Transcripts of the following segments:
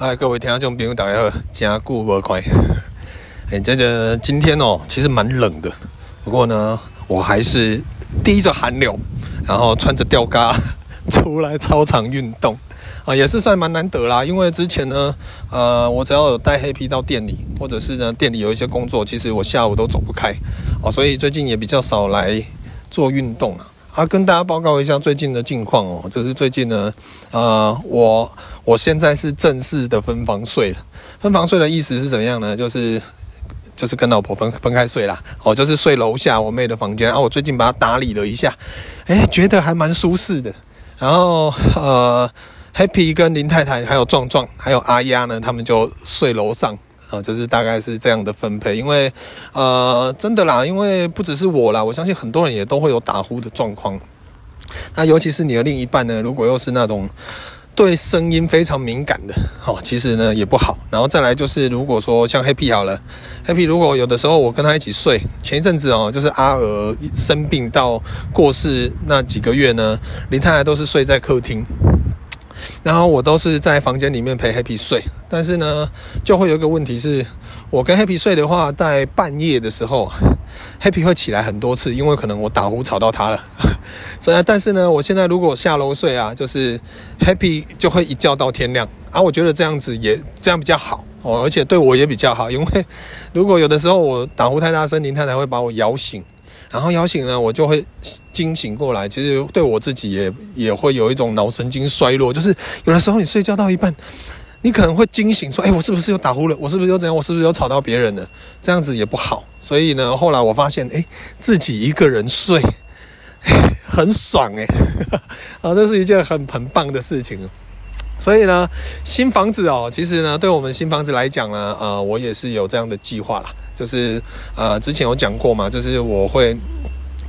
嗨，各位聽眾朋友，大家好，加固愉快！哎，這個今天哦，其實蠻冷的，不過呢，我還是低着寒流，然後穿着吊嘎出來操場運動啊，也是算蠻難得啦。因為之前呢，呃，我只要有帶黑皮到店裡，或者是呢店裡有一些工作，其實我下午都走不開哦。啊，所以最近也比較少來做運動啊。啊，跟大家報告一下最近的近況哦，就是最近呢，呃，我我現在是正式的分房睡了。分房睡的意思是怎麼樣呢？就是就是跟老婆分分開睡啦。我、哦、就是睡樓下我妹的房間啊，我最近把它打理了一下，哎，覺得還蠻舒適的。然後呃，Happy 跟林太太還有壯壯還有阿丫呢，他們就睡樓上。啊、哦，就是大概是這樣的分配，因為，呃，真的啦，因為不只是我啦，我相信很多人也都會有打呼的狀況。那尤其是你的另一半呢，如果又是那種對聲音非常敏感的哦，其實呢也不好。然後再來就是，如果說像黑皮好了，黑皮如果有的時候我跟他一起睡，前一陣子哦，就是阿娥生病到過世那幾個月呢，林太太都是睡在客廳。然後我都是在房間裡面陪 Happy 睡，但是呢，就會有一個問題是，我跟 Happy 睡的話，在半夜的時候，Happy 會起來很多次，因為可能我打呼吵到他了。所以，但是呢，我現在如果下樓睡啊，就是 Happy 就會一覺到天亮啊。我覺得這樣子也這樣比較好哦，而且對我也比較好，因為如果有的時候我打呼太大聲，林太太會把我搖醒。然後邀請呢，我就會驚醒過來。其實對我自己也也會有一種腦神經衰弱，就是有的時候你睡覺到一半，你可能會驚醒，說：“哎，我是不是又打呼了？我是不是又怎樣？我是不是又吵到別人了？這樣子也不好。”所以呢，後來我發現，哎，自己一個人睡誒很爽誒，哈哈，啊，這是一件很很棒的事情。所以呢，新房子哦，其實呢，對我們新房子來講呢，呃，我也是有這樣的計劃啦，就是呃，之前有講過嘛，就是我會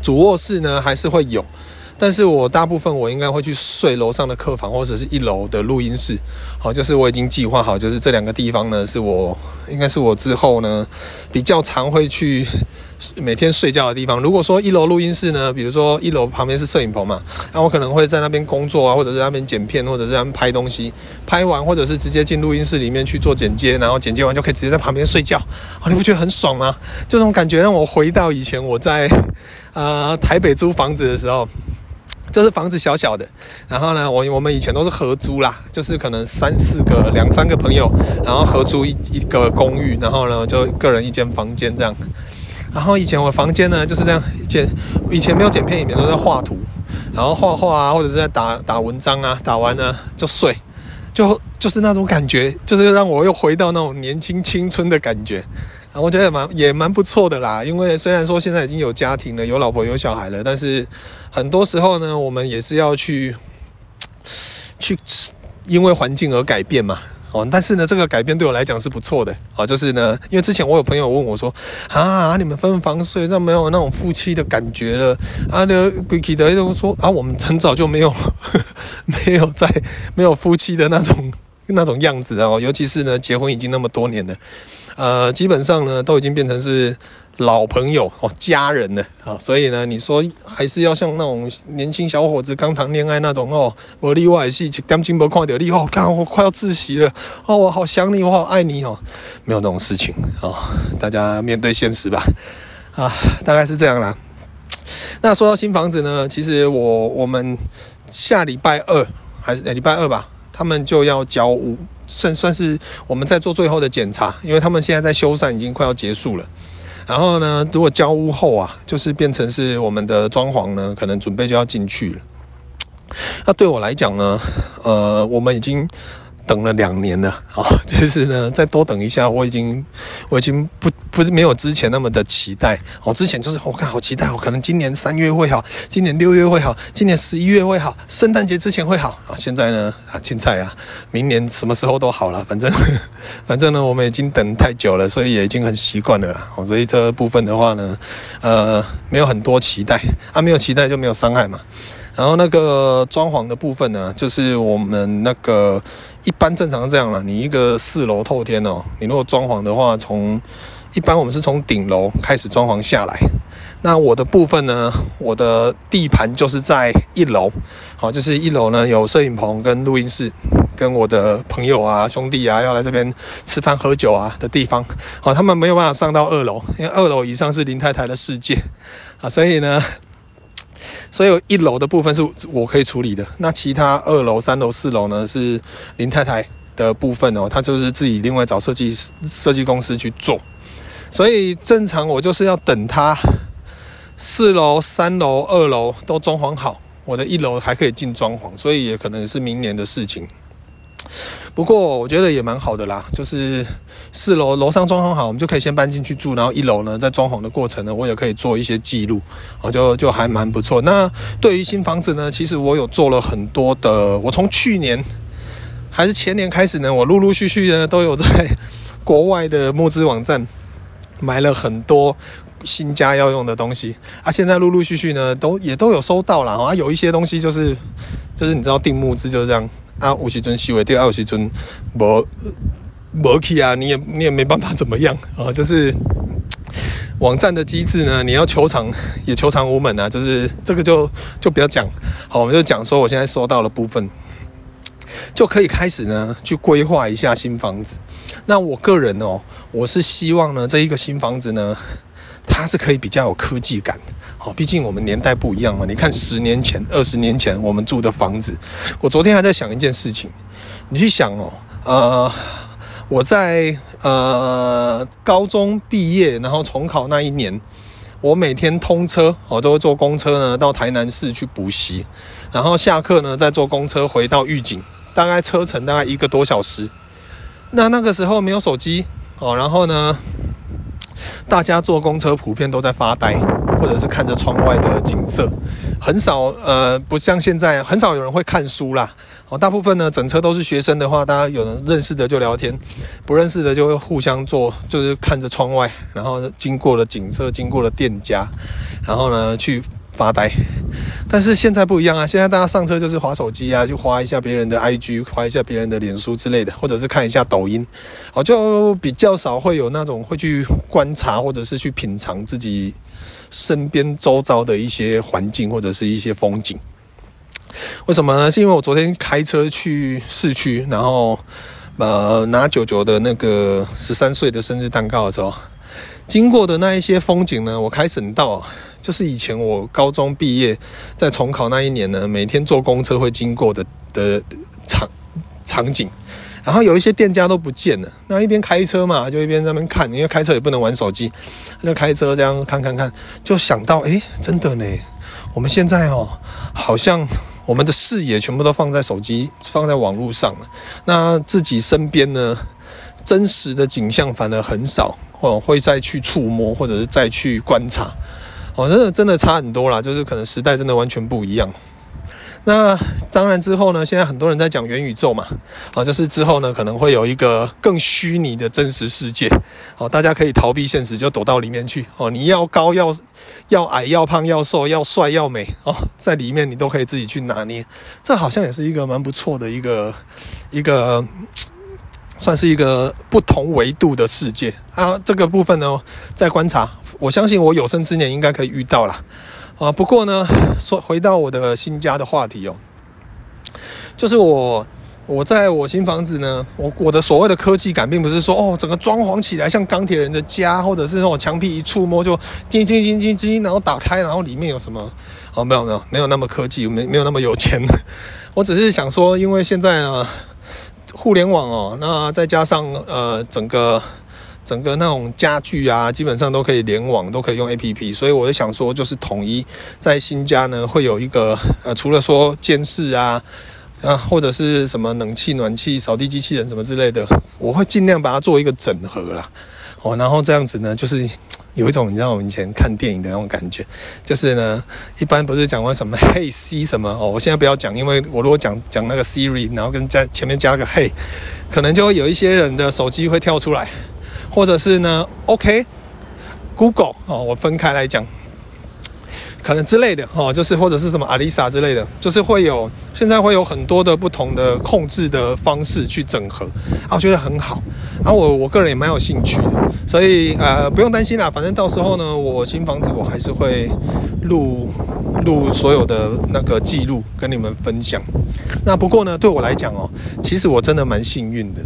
主臥室呢還是會有，但是我大部分我應該會去睡樓上的客房或者是一樓的錄音室，好，哦，就是我已經計劃好，就是這兩個地方呢是我應該是我之後呢比較常會去。每天睡覺的地方。如果說一樓錄音室呢，比如說一樓旁邊是攝影棚嘛，那我可能會在那邊工作啊，或者在那邊剪片，或者是那邊拍東西。拍完，或者是直接進錄音室裡面去做剪接，然後剪接完就可以直接在旁邊睡覺。啊，哦，你不覺得很爽嗎？這種感覺讓我回到以前我在呃台北租房子的時候，就是房子小小的，然後呢，我我們以前都是合租啦，就是可能三四個、兩三個朋友，然後合租一一個公寓，然後呢就個人一間房間這樣。然後以前我房間呢就是這樣，剪以，以前沒有剪片有，裡面都在畫圖，然後畫畫啊，或者是在打打文章啊，打完呢就睡，就就是那種感覺，就是讓我又回到那種年輕青春的感覺，然後我覺得也蠻也蠻不錯的啦。因為雖然說現在已經有家庭了，有老婆有小孩了，但是很多時候呢，我們也是要去去因為環境而改變嘛。哦，但是呢，這個改變對我來講是不錯的啊、哦，就是呢，因為之前我有朋友問我說，啊，你們分房睡，那沒有那種夫妻的感覺了。啊，就鬼 i c k 又說啊，我們很早就沒有，呵呵沒有在沒有夫妻的那種那種樣子了。哦，尤其是呢，結婚已經那麼多年了。呃，基本上呢都已經變成是老朋友哦，家人了啊、哦，所以呢，你說還是要像那種年輕小伙子剛談戀愛那種哦，我例外是一點鐘沒看到你哦，幹我快要窒息了哦。我好想你，我好愛你哦，沒有那種事情啊、哦，大家面對現實吧啊，大概是這樣啦。那說到新房子呢，其實我我們下禮拜二還是禮拜二吧，他們就要交屋。算算是我們在做最後的檢查，因為他們現在在修繕，已經快要結束了。然後呢，如果交屋後啊，就是變成是我們的裝潢呢，可能準備就要進去了。那對我來講呢，呃，我們已經。等了兩年了啊、哦，就是呢，再多等一下，我已經，我已經不不是沒有之前那麼的期待。我、哦、之前就是我、哦、看好期待，我、哦、可能今年三月會好，今年六月會好，今年十一月會好，聖誕節之前會好、哦、現在呢啊，青菜啊，明年什麼時候都好了，反正反正呢，我們已經等太久了，所以也已經很習慣了。哦、所以這部分的話呢，呃，沒有很多期待啊，沒有期待就沒有傷害嘛。然後那個裝潢的部分呢，就是我們那個一般正常這樣了。你一個四樓透天哦，你如果裝潢的話從，從一般我們是從頂樓開始裝潢下來。那我的部分呢，我的地盤就是在一樓，好，就是一樓呢有攝影棚跟錄音室，跟我的朋友啊兄弟啊要來這邊吃飯喝酒啊的地方，好，他們沒有辦法上到二樓，因為二樓以上是林太太的世界，啊，所以呢。所以有一樓的部分是我可以處理的，那其他二樓、三樓、四樓呢，是林太太的部分哦，她就是自己另外找設計師設計公司去做。所以正常我就是要等她四樓、三樓、二樓都裝潢好，我的一樓還可以進裝潢，所以也可能是明年的事情。不過我覺得也蠻好的啦，就是四樓樓上裝潢好，我們就可以先搬進去住，然後一樓呢，在裝潢的過程呢，我也可以做一些記錄，我、哦、就就還蠻不錯。那對於新房子呢，其實我有做了很多的，我從去年還是前年開始呢，我陸陸續續呢都有在國外的募資網站買了很多新家要用的東西啊，現在陸陸續續呢都也都有收到了、哦、啊，有一些東西就是就是你知道訂募資就是這樣。啊，五十尊席位，第二五十尊無無 k 啊，你也你也沒辦法怎麼樣啊，就是網站的機制呢，你要求償，也求償無門啊，就是這個就就不要講。好，我們就講說我現在收到了部分，就可以開始呢去規劃一下新房子。那我個人哦、喔，我是希望呢，這一個新房子呢，它是可以比較有科技感的。好，畢竟我們年代不一樣嘛。你看，十年前、二十年前我們住的房子，我昨天還在想一件事情。你去想哦，呃，我在呃高中畢業然後重考那一年，我每天通車，我、哦、都會坐公車呢到台南市去補習，然後下課呢再坐公車回到玉井，大概車程大概一個多小時。那那個時候沒有手機，哦，然後呢，大家坐公車普遍都在發呆。或者是看着窗外的景色，很少呃，不像現在很少有人會看書啦。哦，大部分呢，整車都是學生的話，大家有人認識的就聊天，不認識的就會互相做，就是看着窗外，然後經過了景色，經過了店家，然後呢去。發呆，但是現在不一樣啊！現在大家上車就是划手機啊，就划一下別人的 IG，划一下別人的臉書之類的，或者是看一下抖音，好就比較少會有那種會去觀察或者是去品嘗自己身邊周遭的一些環境或者是一些風景。為什麼呢？是因為我昨天開車去市區，然後呃拿九九的那個十三歲的生日蛋糕的時候，經過的那一些風景呢，我開省道、啊。就是以前我高中畢業，在重考那一年呢，每天坐公車會經過的的、的場場景，然後有一些店家都不見了。那一邊開車嘛，就一邊在那邊看，因為開車也不能玩手機，就開車這樣看看看，就想到，哎，真的呢，我們現在哦，好像我們的視野全部都放在手機、放在網絡上了，那自己身邊呢，真實的景象反而很少哦，會再去觸摸或者是再去觀察。哦，真的真的差很多啦，就是可能時代真的完全不一樣。那當然之後呢，現在很多人在講元宇宙嘛，哦，就是之後呢，可能會有一個更虛擬的真實世界，哦，大家可以逃避現實，就躲到裡面去，哦，你要高要，要矮，要胖，要瘦，要帥，要美，哦，在裡面你都可以自己去拿捏，這好像也是一個蠻不錯的一個一個。算是一個不同維度的世界啊！這個部分呢，在觀察，我相信我有生之年應該可以遇到啦啊。不過呢，說回到我的新家的話題哦，就是我我在我新房子呢，我我的所謂的科技感，並不是說哦，整個裝潢起來像鋼鐵人的家，或者是那、哦、種牆壁一觸摸就叮，叮叮叮叮叮，然後打開，然後裡面有什麼？哦、啊，沒有沒有沒有那麼科技，沒有沒有那麼有錢。我只是想說，因為現在呢。互聯網哦，那再加上呃，整個整個那種家具啊，基本上都可以聯網，都可以用 APP，所以我就想說，就是統一在新家呢會有一個呃，除了說監視啊，啊或者是什麼冷氣、暖氣、掃地機器人什麼之類的，我會盡量把它做一個整合啦。哦，然後這樣子呢，就是有一種你知道我們以前看電影的那種感覺，就是呢，一般不是講過什麼 Hey Siri 什麼哦？我現在不要講，因為我如果講講那個 Siri，然後跟在前面加個 Hey，可能就會有一些人的手機會跳出來，或者是呢，OK Google 哦，我分開來講。可能之類的哈、哦，就是或者是什麼 Alisa 之類的，就是會有現在會有很多的不同的控制的方式去整合，啊，我覺得很好，然後我我個人也蠻有興趣的，所以呃不用擔心啦，反正到時候呢，我新房子我還是會錄錄所有的那個記錄跟你們分享。那不過呢，對我來講哦，其實我真的蠻幸運的，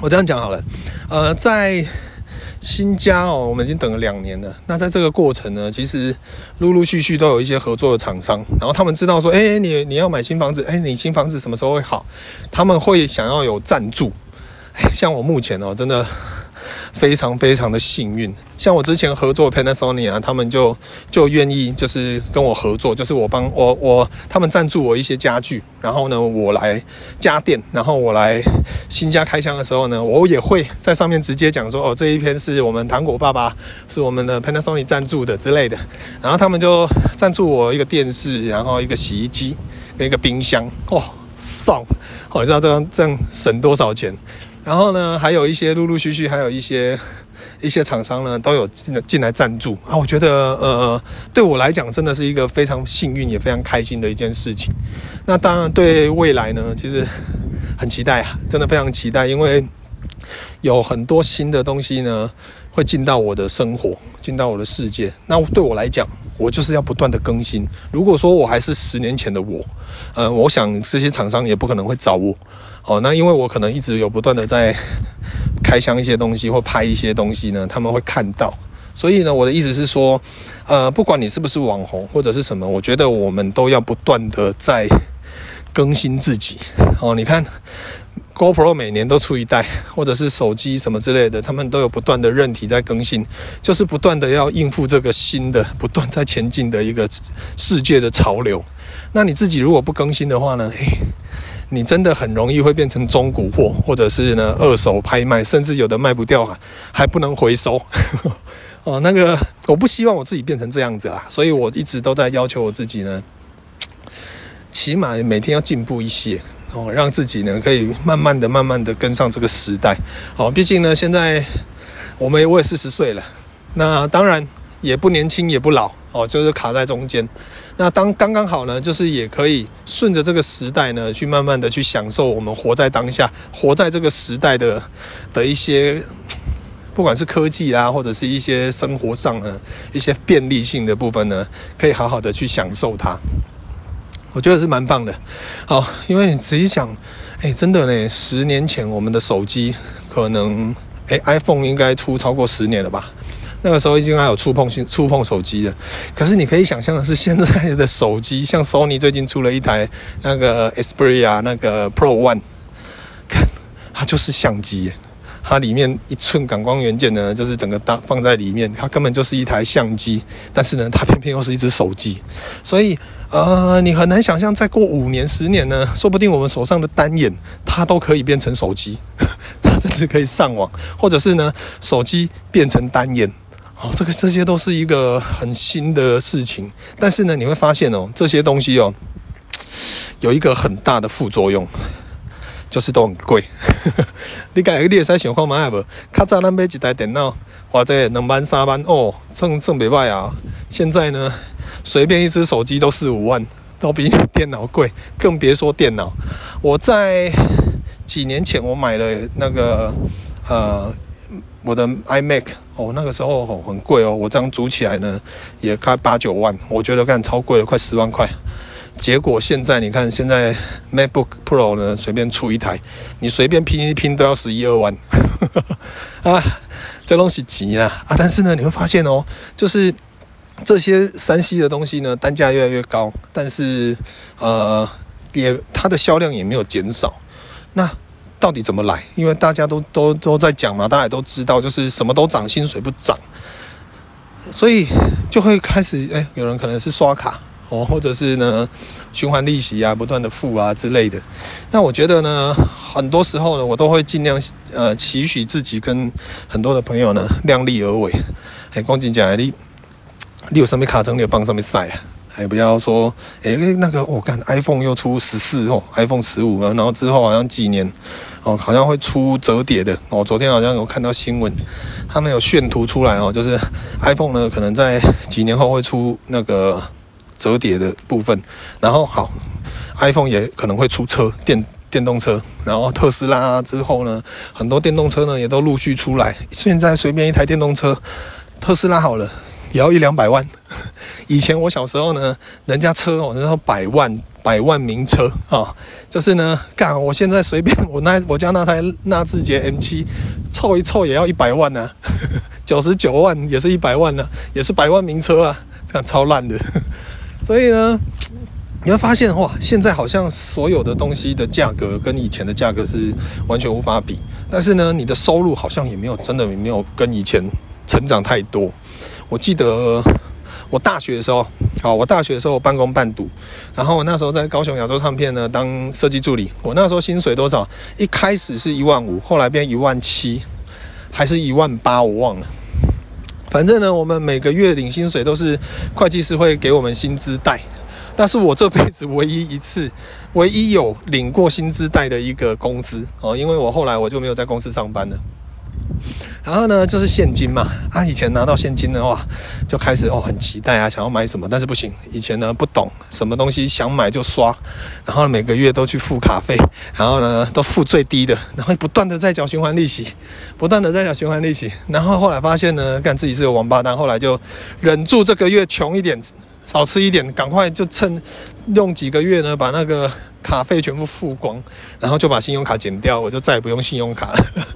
我這樣講好了，呃，在。新家哦，我們已經等了兩年了。那在這個過程呢，其實陸陸續續都有一些合作的廠商，然後他們知道說，哎、欸，你你要買新房子，哎、欸，你新房子什麼時候會好？他們會想要有贊助。欸，像我目前哦，真的。非常非常的幸運，像我之前合作 Panasonic 啊，他們就就願意就是跟我合作，就是我幫我我他們贊助我一些家具，然後呢我來家電，然後我來新家開箱的時候呢，我也會在上面直接講說哦，這一篇是我們糖果爸爸是我們的 Panasonic 贊助的之類的，然後他們就贊助我一個電視，然後一個洗衣機跟一個冰箱。哦，爽，哦，你知道這樣這樣省多少錢？然後呢，還有一些陸陸續續，還有一些一些廠商呢，都有進進來贊助啊。我覺得呃，對我來講真的是一個非常幸運也非常開心的一件事情。那當然對未來呢，其實很期待啊，真的非常期待，因為有很多新的東西呢會進到我的生活，進到我的世界。那對我來講，我就是要不斷的更新。如果說我還是十年前的我，嗯、呃，我想這些廠商也不可能會找我。哦，那因為我可能一直有不斷的在開箱一些東西或拍一些東西呢，他們會看到。所以呢，我的意思是說，呃，不管你是不是網紅或者是什麼，我覺得我們都要不斷的在。更新自己哦，你看，GoPro 每年都出一代，或者是手機什麼之類的，他們都有不斷的韌體在更新，就是不斷的要應付這個新的、不斷在前進的一個世界的潮流。那你自己如果不更新的話呢？哎、欸，你真的很容易會變成中古貨，或者是呢二手拍賣，甚至有的賣不掉啊，還不能回收。 哦，那個我不希望我自己變成這樣子啦、啊，所以我一直都在要求我自己呢。起碼每天要進步一些哦，讓自己呢可以慢慢的、慢慢的跟上這個時代。好、哦，畢竟呢，現在我們也我也四十歲了，那當然也不年輕，也不老哦，就是卡在中間。那當剛剛好呢，就是也可以順着這個時代呢，去慢慢的去享受我們活在當下、活在這個時代的的一些，不管是科技啊，或者是一些生活上的一些便利性的部分呢，可以好好的去享受它。我覺得是蠻棒的，好，因為你仔細想，哎、欸，真的呢，十年前我們的手機可能，哎、欸，iPhone 應該出超過十年了吧？那個時候已經還有觸碰觸碰手機的。可是你可以想象的是，現在的手機，像 Sony 最近出了一台那個 Xperia 那個 Pro One，看，它就是相機，它裡面一寸感光元件呢，就是整個大放在裡面，它根本就是一台相機。但是呢，它偏偏又是一只手機，所以。呃，你很難想象，再過五年、十年呢，說不定我們手上的單眼，它都可以變成手機，呵呵，它甚至可以上網，或者是呢，手機變成單眼。哦，這個這些都是一個很新的事情。但是呢，你會發現哦，這些東西哦，有一個很大的副作用，就是都很貴。呵呵，你改一個類似情況嘛，也不，卡扎蘭買一台電腦，花這兩萬、三萬哦，算算袂歹啊。現在呢？隨便一隻手機都四五萬，都比你電腦貴，更別說電腦。我在幾年前我買了那個呃，我的 iMac 哦，那個時候很貴哦，我這樣組起來呢也快八九萬，我覺得看超貴了，快十萬塊。結果現在你看，現在 MacBook Pro 呢隨便出一台，你隨便拼一拼都要十一二萬 啊，這東西急啊啊！但是呢，你會發現哦，就是。這些 3C 的東西呢，單價越來越高，但是，呃，也它的銷量也沒有減少。那到底怎麼來？因為大家都都都在講嘛，大家也都知道，就是什麼都漲，薪水不漲，所以就會開始哎、欸，有人可能是刷卡哦，或者是呢循環利息啊，不斷的付啊之類的。那我覺得呢，很多時候呢，我都會盡量呃，期許自己跟很多的朋友呢，量力而為。很恭敬講，你。你有上面卡成你有幫上面曬，還、欸、不要說，誒、欸，那個我看、哦、iPhone 又出十四哦，iPhone 十五啊，然後之後好像幾年哦，好像會出折疊的我、哦、昨天好像有看到新聞，他們有炫圖出來哦，就是 iPhone 呢，可能在幾年後會出那個折疊的部分。然後好，iPhone 也可能會出車電電動車，然後特斯拉之後呢，很多電動車呢也都陸續出來。現在隨便一台電動車，特斯拉好了。也要一兩百萬。以前我小時候呢，人家車哦，我那時候百萬百萬名車啊、哦，就是呢，幹，我現在隨便我那我家那台納智捷 M 七，湊一湊也要一百萬呢、啊，九十九萬也是一百萬呢、啊，也是百萬名車啊，這樣超爛的。所以呢，你會發現哇，現在好像所有的東西的價格跟以前的價格是完全無法比，但是呢，你的收入好像也沒有真的沒有跟以前成長太多。我記得我大學的時候，好，我大學的時候半工半讀，然後我那時候在高雄亞洲唱片呢當設計助理，我那時候薪水多少？一開始是一萬五，後來變一萬七，還是一萬八？我忘了。反正呢，我們每個月領薪水都是會計師會給我們薪資袋，但是我這輩子唯一一次，唯一有領過薪資袋的一個工資哦，因為我後來我就沒有在公司上班了。然後呢，就是現金嘛。啊，以前拿到現金的話，就開始哦，很期待啊，想要買什麼，但是不行。以前呢，不懂什麼東西想買就刷，然後每個月都去付卡費，然後呢，都付最低的，然後不斷的在繳循環利息，不斷的在繳循環利息。然後後來發現呢，幹自己是個王八蛋，後來就忍住這個月窮一點，少吃一點，趕快就趁用幾個月呢把那個卡費全部付光，然後就把信用卡剪掉，我就再也不用信用卡了。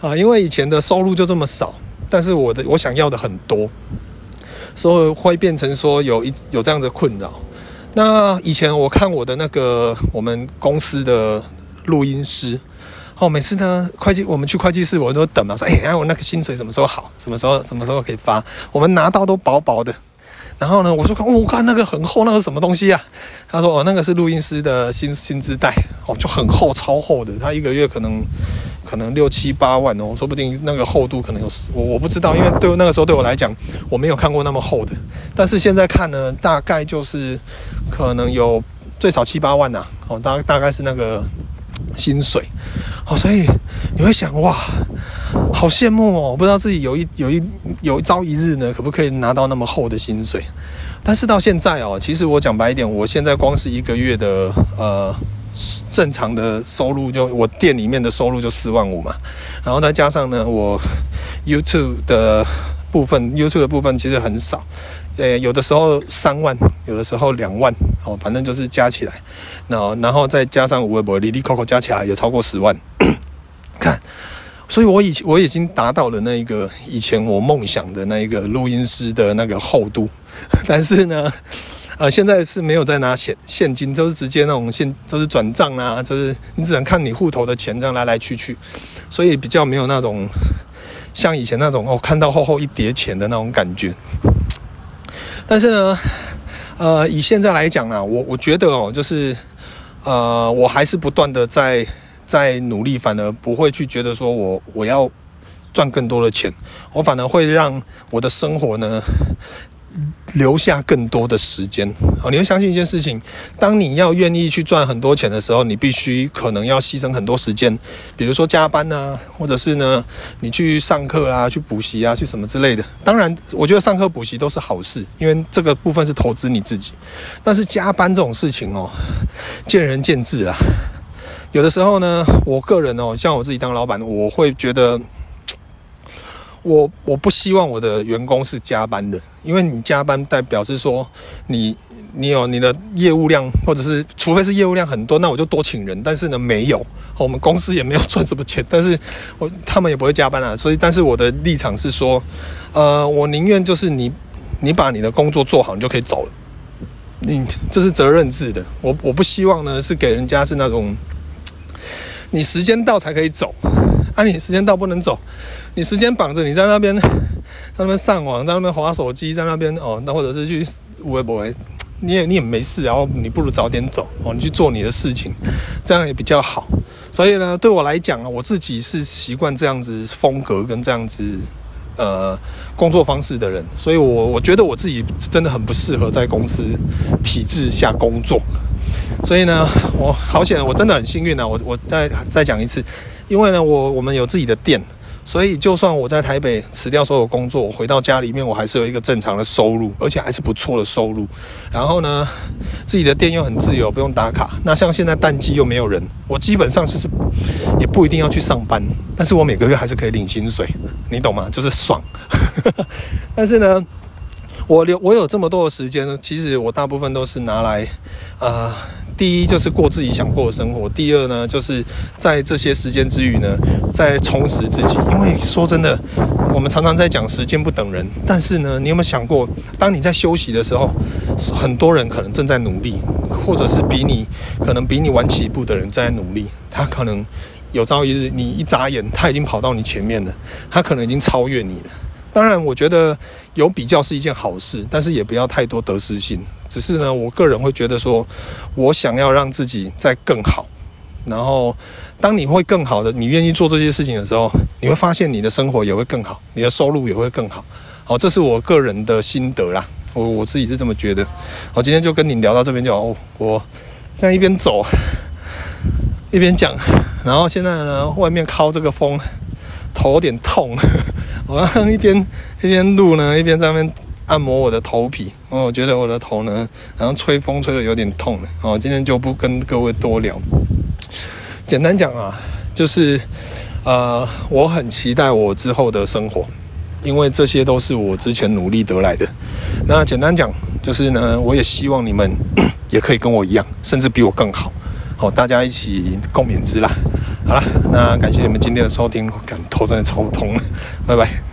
啊，因為以前的收入就這麼少，但是我的我想要的很多，所以會變成說有一有這樣的困擾。那以前我看我的那個我們公司的錄音師，哦，每次呢會計我們去會計室我都等啊，說哎、啊，我那個薪水什麼時候好，什麼時候什麼時候可以發？我們拿到都薄薄的，然後呢我說、哦、我看那個很厚，那個是什麼東西啊？他說哦，那個是錄音師的薪薪資袋哦，就很厚超厚的，他一個月可能。可能六七八萬哦，說不定那個厚度可能有，我我不知道，因為對那個時候對我來講，我沒有看過那麼厚的。但是現在看呢，大概就是可能有最少七八萬吶，啊，哦，大大概是那個薪水，好，哦，所以你會想哇，好羨慕哦，我不知道自己有一有一有一朝一日呢，可不可以拿到那麼厚的薪水？但是到現在哦，其實我講白一點，我現在光是一個月的呃。正常的收入就我店裡面的收入就四萬五嘛，然後再加上呢我 YouTube 的部分，YouTube 的部分其實很少，呃有的時候三萬，有的時候兩萬，哦反正就是加起來，然後然後再加上我微博、Lili、Coco 加起來也超過十萬， 看，所以我已我已經達到了那一個以前我夢想的那個錄音師的那個厚度，但是呢。呃，現在是沒有在拿現現金，就是直接那種現，就是轉賬啊，就是你只能看你戶頭的錢這樣來來去去，所以比較沒有那種像以前那種哦，看到厚厚一疊錢的那種感覺。但是呢，呃，以現在來講呢啊，我我覺得哦，就是呃，我還是不斷的在在努力，反而不會去覺得說我我要賺更多的錢，我反而會讓我的生活呢，留下更多的時間啊！你要相信一件事情：當你要願意去賺很多錢的時候，你必須可能要犧牲很多時間，比如說加班呢、啊，或者是呢，你去上課啊，去補習啊、去什麼之類的。當然，我覺得上課補習都是好事，因為這個部分是投資你自己。但是加班這種事情哦，見仁見智啦。有的時候呢，我個人哦，像我自己當老闆，我會覺得。我我不希望我的員工是加班的，因為你加班代表是說，你你有你的業務量，或者是除非是業務量很多，那我就多請人。但是呢，沒有，我們公司也沒有賺什麼錢，但是我他們也不會加班啊。所以，但是我的立場是說，呃，我寧願就是你你把你的工作做好，你就可以走了。你，這是責任制的，我我不希望呢是給人家是那種你時間到才可以走，啊，你時間到不能走。你時間綁着，你在那邊，在那邊上網，在那邊滑手機，在那邊哦，那或者是去微博，你也你也沒事，然後你不如早點走哦，你去做你的事情，這樣也比較好。所以呢，對我來講啊，我自己是習慣這樣子風格跟這樣子呃工作方式的人，所以我我覺得我自己真的很不適合在公司體制下工作。所以呢，我好險，我真的很幸運啊，我我再再講一次，因為呢，我我們有自己的店。所以，就算我在台北辭掉所有工作，我回到家裡面，我還是有一個正常的收入，而且還是不錯的收入。然後呢，自己的店又很自由，不用打卡。那像現在淡季又沒有人，我基本上就是也不一定要去上班，但是我每個月還是可以領薪水，你懂嗎？就是爽。 但是呢，我留我有這麼多的時間呢，其實我大部分都是拿來啊。呃第一就是過自己想過的生活，第二呢，就是在這些時間之餘呢，再充實自己。因為說真的，我們常常在講時間不等人，但是呢，你有沒有想過，當你在休息的時候，很多人可能正在努力，或者是比你可能比你晚起步的人在努力，他可能有朝一日你一眨眼，他已經跑到你前面了，他可能已經超越你了。當然，我覺得有比較是一件好事，但是也不要太多得失心。只是呢，我個人會覺得說，我想要讓自己再更好，然後當你會更好的，你願意做這些事情的時候，你會發現你的生活也會更好，你的收入也會更好。好、哦，這是我個人的心得啦，我我自己是這麼覺得。好、哦，今天就跟你聊到這邊就好，哦、我現在一邊走一邊講，然後現在呢，外面靠這個風。頭有點痛，我剛剛一邊一邊錄呢，一邊在那邊按摩我的頭皮。我覺得我的頭呢，然後吹風吹得有點痛了。哦，今天就不跟各位多聊，簡單講啊，就是呃，我很期待我之後的生活，因為這些都是我之前努力得來的。那簡單講，就是呢，我也希望你們也可以跟我一樣，甚至比我更好。好、哦，大家一起共勉之啦。好啦，那感謝你們今天的收聽，感覺頭真的超痛，拜拜。